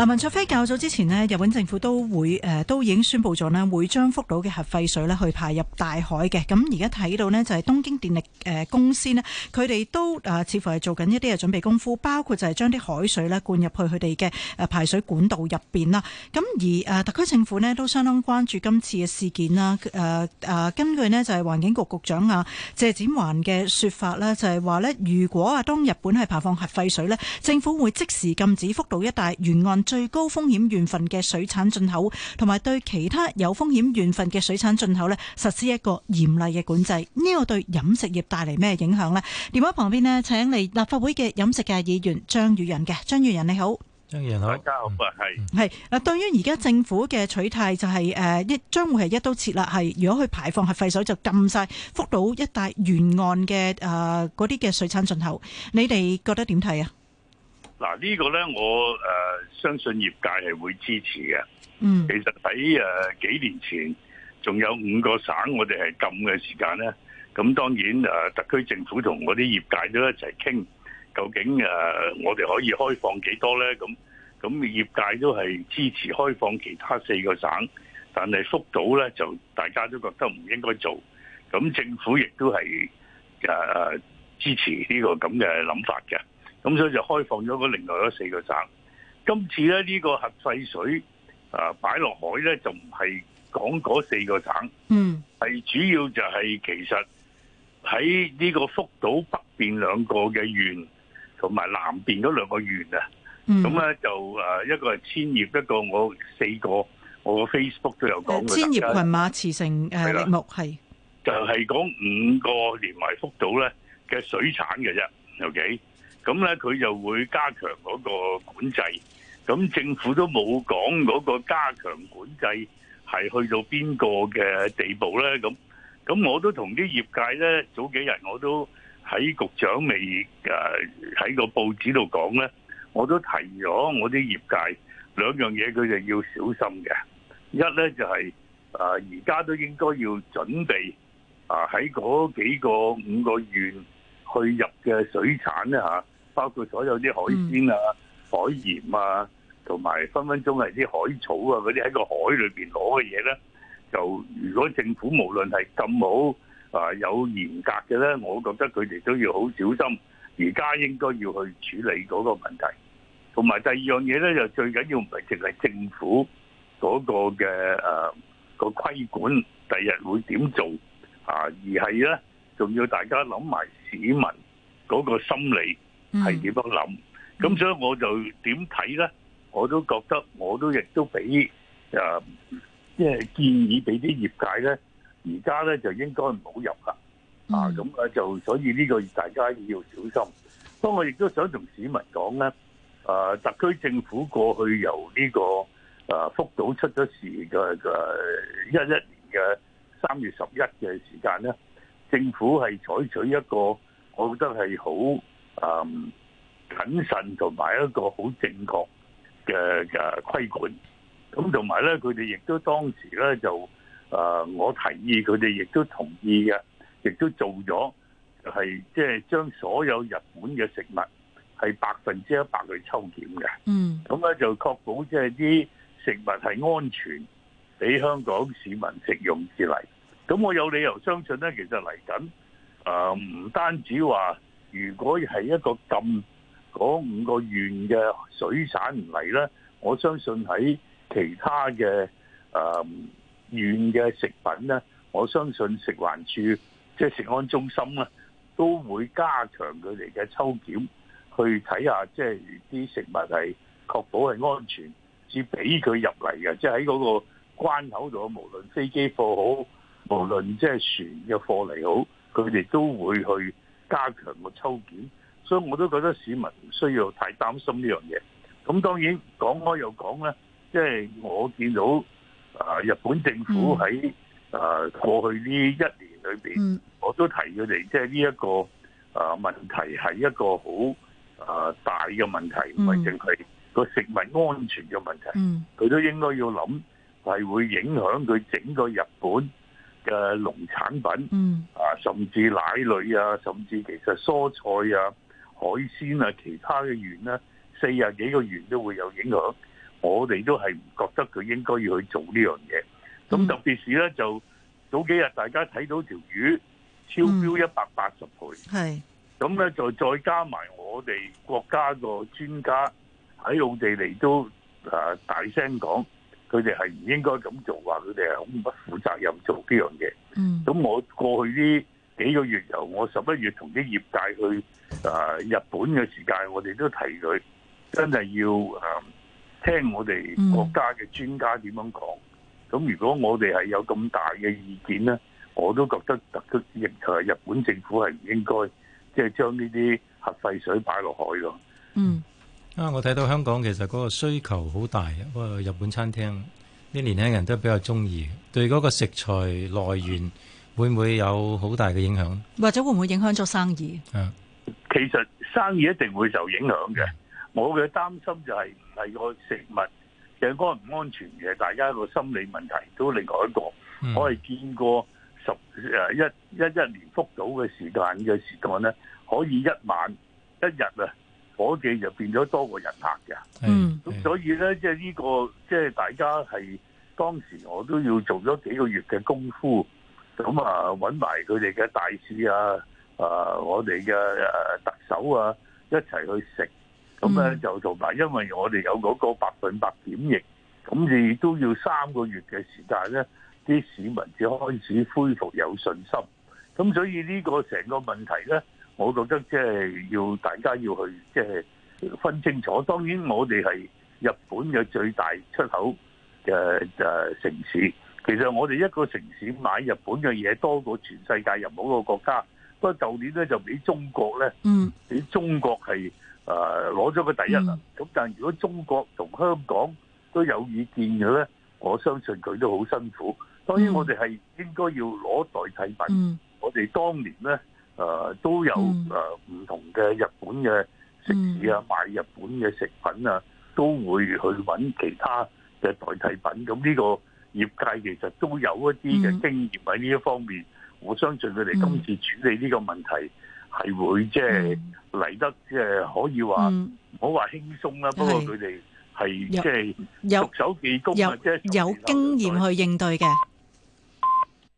嗱，文卓飛較早之前呢日本政府都會誒都已經宣布咗咧，會將福島嘅核廢水咧去排入大海嘅。咁而家睇到呢就係東京電力誒公司咧，佢哋都啊似乎係做緊一啲嘅準備功夫，包括就係將啲海水咧灌入去佢哋嘅誒排水管道入邊啦。咁而誒特區政府呢都相當關注今次嘅事件啦。誒誒，根據咧就係環境局局長啊謝展環嘅説法就係話如果啊當日本係排放核廢水政府會即時禁止福島一帶沿岸。最高風險縣份嘅水產進口，同埋對其他有風險縣份嘅水產進口咧，實施一個嚴厲嘅管制。呢、這個對飲食業帶嚟咩影響呢？電話旁邊呢，請嚟立法會嘅飲食界議員張宇人嘅張宇人你好，張宇人好，家好啊，係、嗯。係嗱，對於而家政府嘅取態就係誒一將會係一刀切啦，係如果佢排放核廢水就禁晒福島一帶沿岸嘅啊嗰啲嘅水產進口，你哋覺得點睇啊？嗱呢個咧，我誒相信業界係會支持嘅。嗯，其實喺誒幾年前，仲有五個省我哋係禁嘅時間咧。咁當然誒，特區政府同嗰啲業界都一齊傾，究竟誒，我哋可以開放幾多咧？咁咁業界都係支持開放其他四個省，但係福島咧就大家都覺得唔應該做。咁政府亦都係誒支持呢個咁嘅諗法嘅。咁所以就開放咗個另外嗰四個省。今次咧呢個核廢水啊擺落海咧，就唔係講嗰四個省，嗯，係主要就係其實喺呢個福島北邊兩個嘅縣，同埋南邊嗰兩個縣啊。咁咧就誒一個係千葉，一個我四個我 Facebook 都有講嘅。千葉、群馬、茨城，誒目係就係講五個連埋福島咧嘅水產嘅啫。OK。咁咧，佢就會加強嗰個管制。咁政府都冇講嗰個加強管制係去到邊個嘅地步咧？咁咁我都同啲業界咧，早幾日我都喺局長未誒喺個報紙度講咧，我都提咗我啲業界兩樣嘢，佢哋要小心嘅。一咧就係啊，而家都應該要準備啊，喺、呃、嗰幾個五個縣，去入嘅水產，咧嚇，包括所有啲海鮮啊、海鹽啊，同埋分分鐘係啲海草啊嗰啲喺個海裏邊攞嘅嘢咧，就如果政府無論係咁好啊有嚴格嘅咧，我覺得佢哋都要好小心。而家應該要去處理嗰個問題，同埋第二樣嘢咧，就最緊要唔係淨係政府嗰個嘅誒個規管，第日會點做啊？而係咧。仲要大家諗埋市民嗰個心理係點樣諗，咁所以我就點睇咧，我都覺得我都亦都俾誒，即係建議俾啲業界咧，而家咧就應該唔好入啦，嗯、啊咁啊就所以呢個大家要小心。但我亦都想同市民講咧，誒、啊、特區政府過去由呢個誒福島出咗事嘅嘅一一年嘅三月十一嘅時間咧。政府係採取一個，我覺得係好啊謹慎同埋一個好正確嘅嘅規管，咁同埋咧，佢哋亦都當時咧就啊，我提議佢哋亦都同意嘅，亦都做咗係即係將所有日本嘅食物係百分之一百去抽檢嘅，嗯，咁咧就確保即係啲食物係安全俾香港市民食用至嚟。咁我有理由相信咧，其實嚟緊誒唔單止話，如果係一個咁嗰五個縣嘅水產唔嚟咧，我相信喺其他嘅誒、嗯、縣嘅食品咧，我相信食環署即係食安中心咧，都會加強佢哋嘅抽檢，去睇下即係啲食物係確保係安全至俾佢入嚟嘅，即係喺嗰個關口度，無論飛機貨好，無論即係船嘅貨嚟好，佢哋都會去加強個抽檢，所以我都覺得市民唔需要太擔心呢樣嘢。咁當然講開又講咧，即係我見到啊日本政府喺啊過去呢一年裏邊，嗯、我都提佢哋，即係呢一個啊問題係一個好啊大嘅問題，唔係淨係個食物安全嘅問題，佢、嗯、都應該要諗係會影響佢整個日本嘅農產品，啊，甚至奶類啊，甚至其實蔬菜啊、海鮮啊、其他嘅源呢，四十幾個元都會有影響。我哋都係唔覺得佢應該要去做呢樣嘢。咁特別是呢，就早幾日大家睇到條魚超標一百八十倍，係咁呢，就再加埋我哋國家個專家喺奧地利都大聲講，佢哋係唔應該咁做，話佢哋係好不負責任做呢樣嘢。咁、嗯嗯、我過去呢幾個月由我十一月同啲業界去啊日本嘅時間，我哋都提佢真係要啊聽我哋國家嘅專家點樣講。咁、嗯嗯、如果我哋係有咁大嘅意見咧，我都覺得特區政府同埋日本政府係唔應該即係將呢啲核廢水擺落海咯。嗯。啊！我睇到香港其實嗰個需求好大，嗰、那個日本餐廳啲年輕人都比較中意，對嗰個食材來源會唔會有好大嘅影響？或者會唔會影響咗生意？是其實生意一定會受影響嘅。我嘅擔心就係唔係個食物，其實安唔安全嘅，大家個心理問題都另外一個。嗯、我係見過十誒一一一年福島嘅時間嘅時間咧，可以一晚一日啊！我哋就變咗多個人客嘅，咁所以咧，即係呢個，即係大家係當時我都要做咗幾個月嘅功夫，咁啊搵埋佢哋嘅大使啊，啊我哋嘅誒特首啊一齊去食，咁咧就同埋，因為我哋有嗰個百分百檢疫，咁亦都要三個月嘅時間咧，啲市民至開始恢復有信心，咁所以呢個成個問題咧。我覺得即係要大家要去即係分清楚。當然，我哋係日本嘅最大出口嘅啊城市。其實我哋一個城市買日本嘅嘢多過全世界任何一個國家。不過舊年咧就俾中國咧，嗯，俾中國係啊攞咗個第一啦。咁但係如果中國同香港都有意見嘅咧，我相信佢都好辛苦。當然，我哋係應該要攞代替品。我哋當年咧。誒都有誒唔同嘅日本嘅食肆啊，賣、嗯嗯、日本嘅食品啊，都會去揾其他嘅代替品。咁呢個業界其實都有一啲嘅經驗喺呢一方面。嗯、我相信佢哋今次處理呢個問題，係會即係嚟得即係可以話唔好話輕鬆啦。不過佢哋係即係熟手技工啊，即有，有，有經驗去應對嘅。